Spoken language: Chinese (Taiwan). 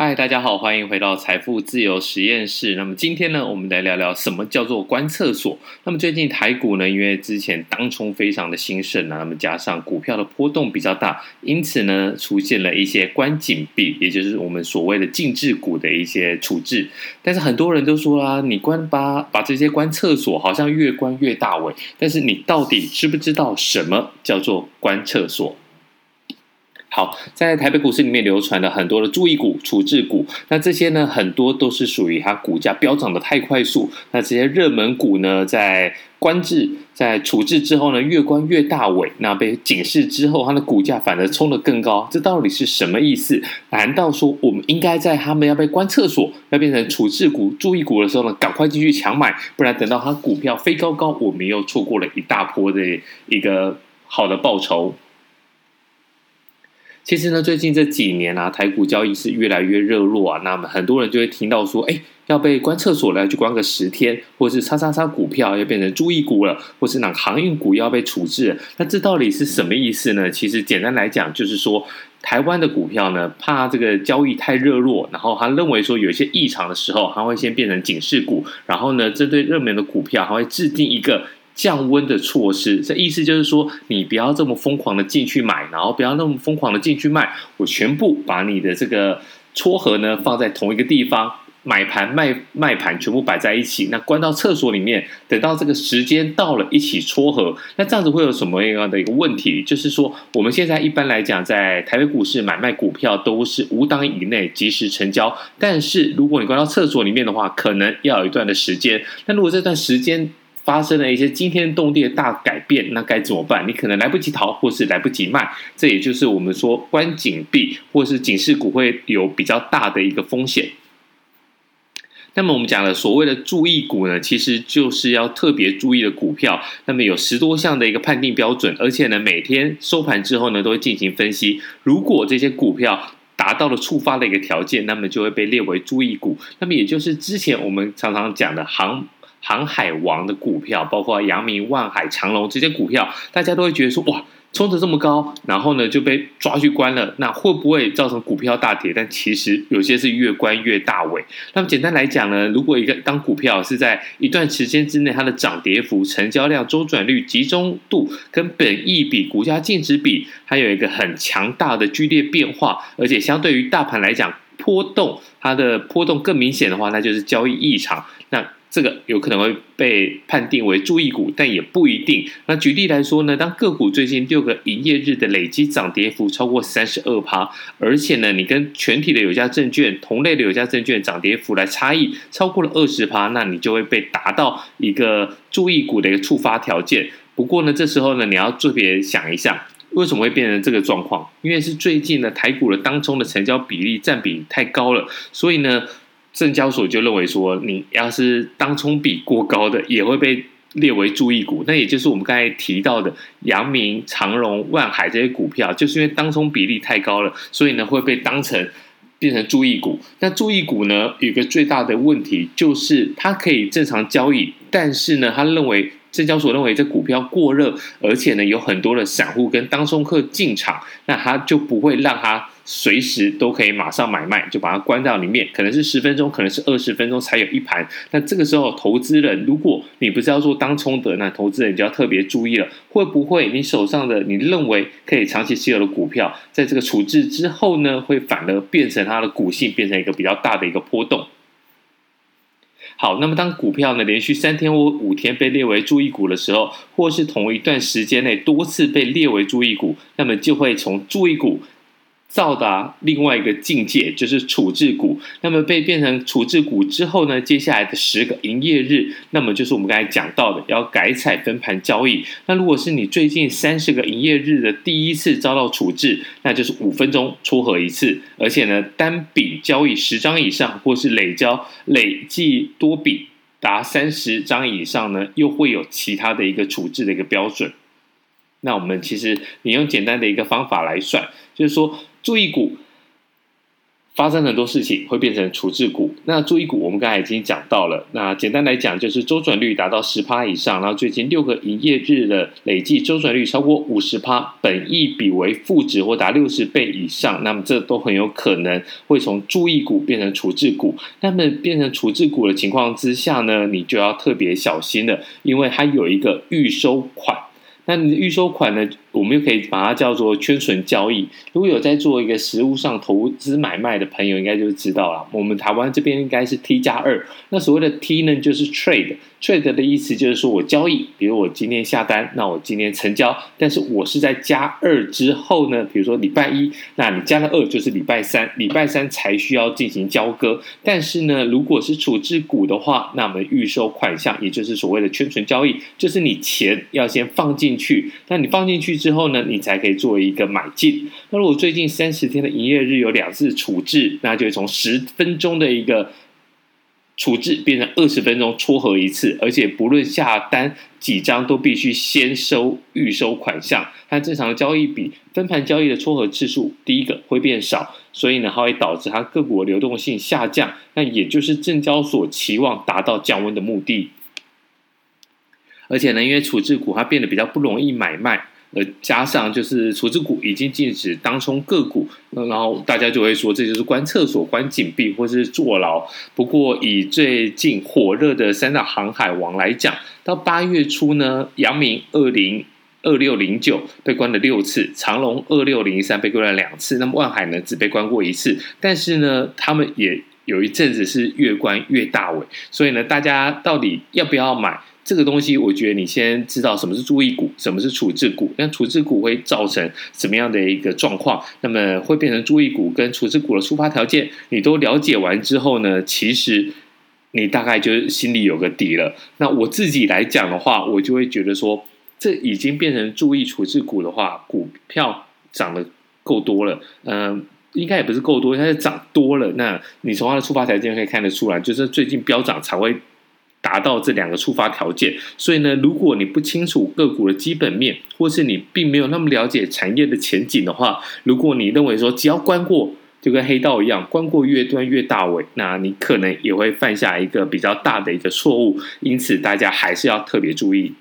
嗨，大家好，歡迎回到財富自由實驗室。那麼今天呢，我們來聊聊什麼叫做關廁所。那麼最近台股呢，因為之前當沖非常的興盛啊，那麼加上股票的波動比較大，因此呢，出現了一些關禁閉，也就是我們所謂的禁制股的一些處置。但是很多人都說啦、啊，你關吧，把這些關廁所，好像越關越大尾。但是你到底知不知道什麼叫做關廁所？好，在台北股市裡面流傳的很多的注意股、處置股，那這些呢，很多都是屬於它股價飆漲得太快速。那這些熱門股呢，在關制、在處置之後呢，越關越大尾，那被警示之後，它的股價反而衝得更高，這到底是什麼意思？難道說我們應該在他們要被關廁所、要變成處置股、注意股的時候呢，趕快進去搶買，不然等到它股票飛高高，我們又錯過了一大波的一個好的報酬？其實呢，最近這幾年啊，台股交易是越來越熱絡啊。那很多人就會聽到說，哎，要被關廁所了，就關個十天，或者是叉叉叉股票要變成注意股了，或是哪個航運股要被處置了。那這到底是什麼意思呢？其實簡單來講，就是說台灣的股票呢，怕這個交易太熱絡，然後他認為說有些異常的時候，他會先變成警示股，然後呢，針對熱門的股票，還會制定一個。降溫的措施，這意思就是說，你不要這麼瘋狂的進去買，然後不要那麼瘋狂的進去賣，我全部把你的這個撮合呢放在同一個地方，買盤賣賣盤全部擺在一起，那關到廁所裡面，等到這個時間到了一起撮合，那這樣子會有什麼樣的一個問題？就是說，我們現在一般來講，在台北股市買賣股票都是五檔以內即時成交，但是如果你關到廁所裡面的話，可能要有一段的時間，那如果這段時間發生了一些驚天動地的大改變，那該怎麼辦？你可能來不及逃，或是來不及賣，這也就是我們說關禁閉，或是警示股會有比較大的一個風險。那麼我們講的所謂的注意股呢，其實就是要特別注意的股票。那麼有十多項的一個判定標準，而且呢，每天收盤之後呢，都會進行分析。如果這些股票達到了觸發的一個條件，那麼就會被列為注意股。那麼也就是之前我們常常講的行。航海王的股票，包括陽明、萬海、長隆這些股票，大家都會覺得說，哇，衝得這麼高，然後呢就被抓去關了，那會不會造成股票大跌？但其實有些是越關越大尾。那麼簡單來講呢，如果一個當股票是在一段時間之內，它的漲跌幅、成交量、週轉率、集中度跟本益比、股價淨值比，它有一個很強大的劇烈變化，而且相對於大盤來講，波動它的波動更明顯的話，那就是交易異常。那這個有可能會被判定為注意股，但也不一定。那舉例來說呢，當個股最近六個營業日的累積漲跌幅超過三十二趴，而且呢，你跟全體的有價證券、同類的有價證券漲跌幅來差異超過了二十趴，那你就會被達到一個注意股的一個觸發條件。不過呢，這時候呢，你要特別想一下，為什麼會變成這個狀況？因為是最近呢，台股的當中的成交比例占比太高了，所以呢。證交所就認為說，你要是當沖比過高的，也會被列為注意股。那也就是我們剛才提到的陽明、長榮、萬海這些股票，就是因為當沖比例太高了，所以呢會被當成變成注意股。那注意股呢，有個最大的問題就是它可以正常交易，但是呢，它認為證交所認為這股票過熱，而且呢有很多的散戶跟當沖客進場，那它就不會讓它。隨時都可以馬上買賣，就把它關到裡面，可能是十分鐘，可能是二十分鐘才有一盤。那這個時候，投資人如果你不是要做當沖的，那投資人就要特別注意了，會不會你手上的你認為可以長期持有的股票，在這個處置之後呢，會反而變成它的股性變成一個比較大的一個波動。好，那麼當股票呢連續三天或五天被列為注意股的時候，或是同一段時間內多次被列為注意股，那麼就會從注意股，到達另外一個境界，就是處置股。那麼被變成處置股之後呢，接下來的十個營業日，那麼就是我們剛才講到的，要改採分盤交易。那如果是你最近三十個營業日的第一次遭到處置，那就是五分鐘撮合一次，而且呢單筆交易十張以上，或是累交累計多筆達三十張以上呢，又會有其他的一個處置的一個標準。那我們其實你用簡單的一個方法來算，就是說。注意股發生很多事情，會變成處置股。那注意股，我們剛才已經講到了。那簡單來講，就是周轉率達到十趴以上，然後最近六個營業日的累計周轉率超過五十趴，本益比為負值或達六十倍以上，那麼這都很有可能會從注意股變成處置股。那麼變成處置股的情況之下呢，你就要特別小心了，因為它有一個預收款。那你的預收款呢？我們又可以把它叫做圈存交易。如果有在做一個實物上投資買賣的朋友，應該就知道了。我們台灣這邊應該是 T 加二。那所謂的 T 呢，就是 trade，trade trade 的意思就是說我交易。比如我今天下單，那我今天成交，但是我是在加二之後呢，比如說禮拜一，那你加了二就是禮拜三，禮拜三才需要進行交割。但是呢，如果是處置股的話，那我們預收款項，也就是所謂的圈存交易，就是你錢要先放進去，那你放進去，之後呢，你才可以做一個買進。那如果最近三十天的營業日有兩次處置，那就從十分鐘的一個處置變成二十分鐘撮合一次，而且不論下單幾張都必須先收預收款項。它正常的交易比分盤交易的撮合次數，第一個會變少，所以呢，它會導致它個股的流動性下降。那也就是證交所期望達到降溫的目的。而且呢，因為處置股它變得比較不容易買賣。呃，加上就是處置股已經禁止當沖個股，然後大家就會說這就是關廁所、關緊閉或是坐牢。不過以最近火熱的三大航海王來講，到八月初呢，陽明二零二六零九被關了六次，長榮二六零三被關了兩次，那麼萬海呢只被關過一次，但是呢他們也。有一陣子是越關越大尾，所以呢，大家到底要不要買這個東西？我覺得你先知道什麼是注意股，什麼是處置股，那處置股會造成什麼樣的一個狀況？那麼會變成注意股跟處置股的出發條件，你都了解完之後呢，其實你大概就心裡有個底了。那我自己來講的話，我就會覺得說，這已經變成注意處置股的話，股票漲得夠多了，嗯。應該也不是夠多，它就漲多了，那你從它的觸發條件可以看得出來，就是最近飆漲才會達到這兩個觸發條件。所以呢，如果你不清楚個股的基本面，或是你並沒有那麼了解產業的前景的話，如果你認為說只要關過就跟黑道一樣，關過越斷越大尾，那你可能也會犯下一個比較大的一個錯誤。因此，大家還是要特別注意。